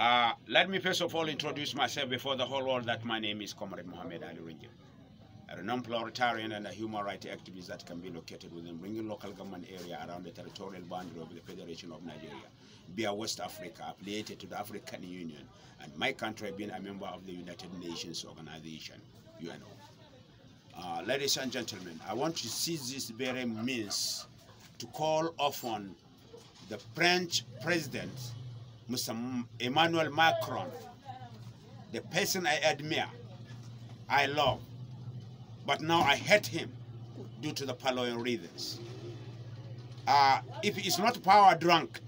Uh, let me first of all introduce myself before the whole world that my name is Comrade Mohammed Ali Ringil, a renowned proletarian and a human rights activist that can be located within Ringil local government area around the territorial boundary of the Federation of Nigeria, via West Africa, affiliated to the African Union, and my country being a member of the United Nations Organization, UNO. Uh, ladies and gentlemen, I want to seize this very means to call upon the French president Mr. Emmanuel Macron, the person I admire, I love, but now I hate him due to the following reasons. Uh, if he is not power drunk,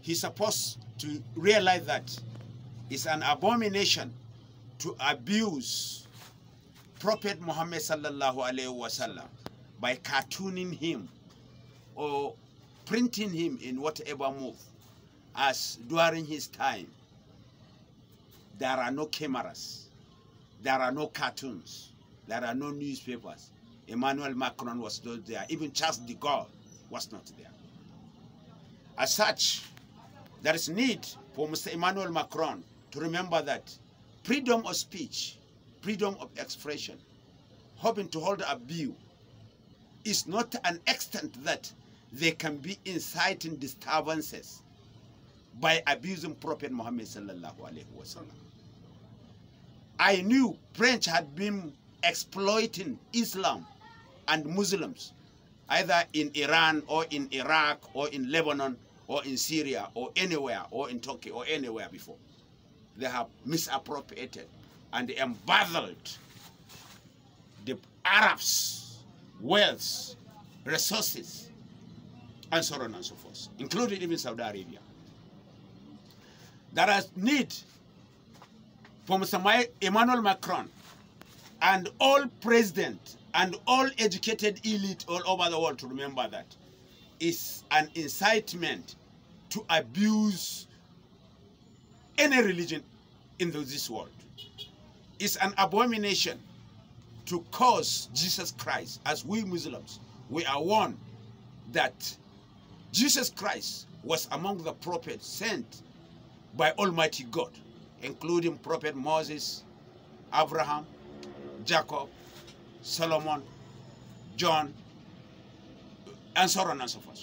he's supposed to realize that it's an abomination to abuse Prophet Muhammad sallallahu alaihi wasallam by cartooning him or printing him in whatever move as during his time, there are no cameras, there are no cartoons, there are no newspapers. Emmanuel Macron was not there. Even Charles de Gaulle was not there. As such, there is need for Mr. Emmanuel Macron to remember that freedom of speech, freedom of expression, hoping to hold a view is not an extent that there can be inciting disturbances by abusing Prophet Muhammad sallallahu alaihi wasallam. I knew French had been exploiting Islam and Muslims, either in Iran or in Iraq or in Lebanon or in Syria or anywhere or in Turkey or anywhere before. They have misappropriated and embezzled the Arabs' wealth, resources, and so on and so forth, including even Saudi Arabia. That is need from Emmanuel Macron and all president and all educated elite all over the world to remember that is an incitement to abuse any religion in this world. It's an abomination to cause Jesus Christ, as we Muslims, we are warned that Jesus Christ was among the prophets sent by Almighty God, including Prophet Moses, Abraham, Jacob, Solomon, John, and so on and so forth.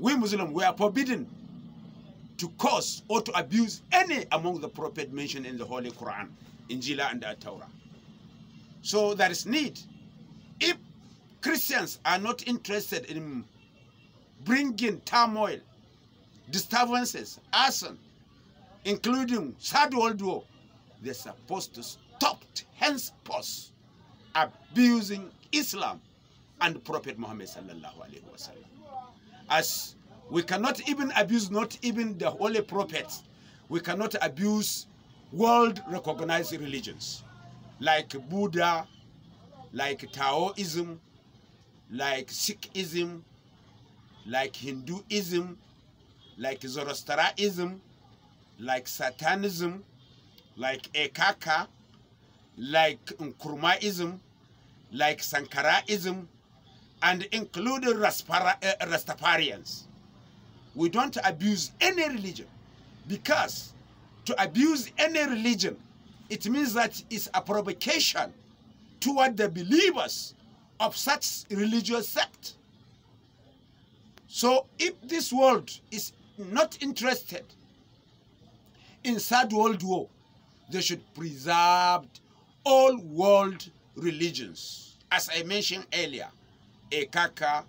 We Muslims we are forbidden to cause or to abuse any among the prophets mentioned in the Holy Quran, Injil, and the Torah. So there is need. If Christians are not interested in bringing turmoil disturbances, arson, including Third World War, they're supposed to stop henceforth abusing Islam and Prophet Muhammad sallallahu alaihi wasallam. As we cannot even abuse not even the holy prophets, we cannot abuse world recognized religions like Buddha, like Taoism, like Sikhism, like Hinduism, like Zoroastrianism, like Satanism, like Ekaka, like Nkrumahism, like Sankaraism, and include eh, Rastafarians. We don't abuse any religion because to abuse any religion, it means that it's a provocation toward the believers of such religious sect. So if this world is not interested in Third World War, they should preserve all world religions. As I mentioned earlier, Ekaka,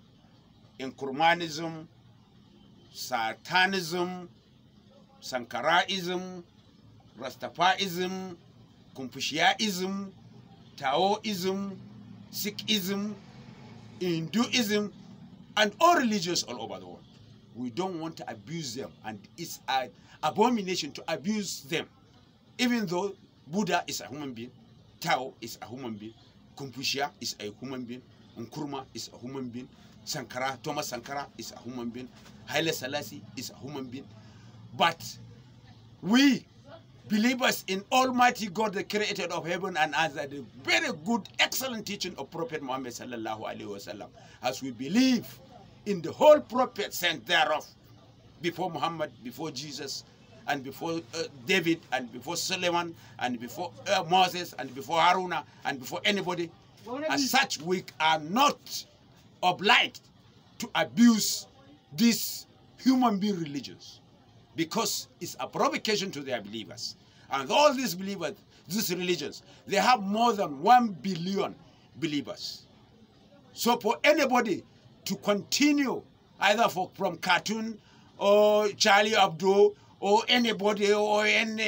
Nkrumahnism, Satanism, Sankaraism, Rastafarism, Confucianism, Taoism, Sikhism, Hinduism, and all religions all over the world we don't want to abuse them and it's an abomination to abuse them even though buddha is a human being tao is a human being confucius is a human being nkrumah is a human being sankara thomas sankara is a human being haile selassie is a human being but we believers in almighty god the creator of heaven and earth are the very good excellent teaching of prophet muhammad sallallahu alaihi wasallam as we believe in the whole prophet and thereof, before Muhammad, before Jesus, and before uh, David, and before Solomon, and before uh, Moses, and before Haruna, and before anybody. As such, we are not obliged to abuse these human being religions because it's a provocation to their believers. And all these believers, these religions, they have more than one billion believers. So for anybody to continue either for, from Cartoon or Charlie Abdul or anybody or any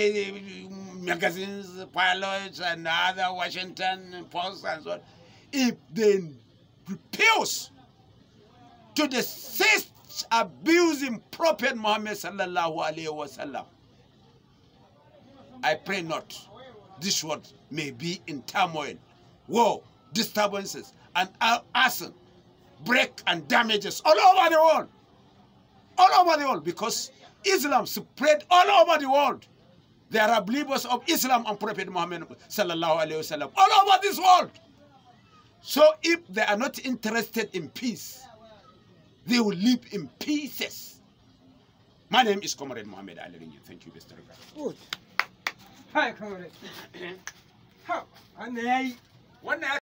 mm, magazines, pilots and other Washington Post and so on, if they refuse to desist abusing Prophet Muhammad sallallahu alaihi wasallam, I pray not. This world may be in turmoil, war, disturbances, and arson break and damages all over the world. All over the world because Islam spread all over the world. There are believers of Islam and Prophet Muhammad sallallahu alaihi wasallam all over this world. So if they are not interested in peace, they will live in pieces. My name is Comrade Muhammad Ali Rinyan. Thank you, Mr. Good. Hi, Comrade. How?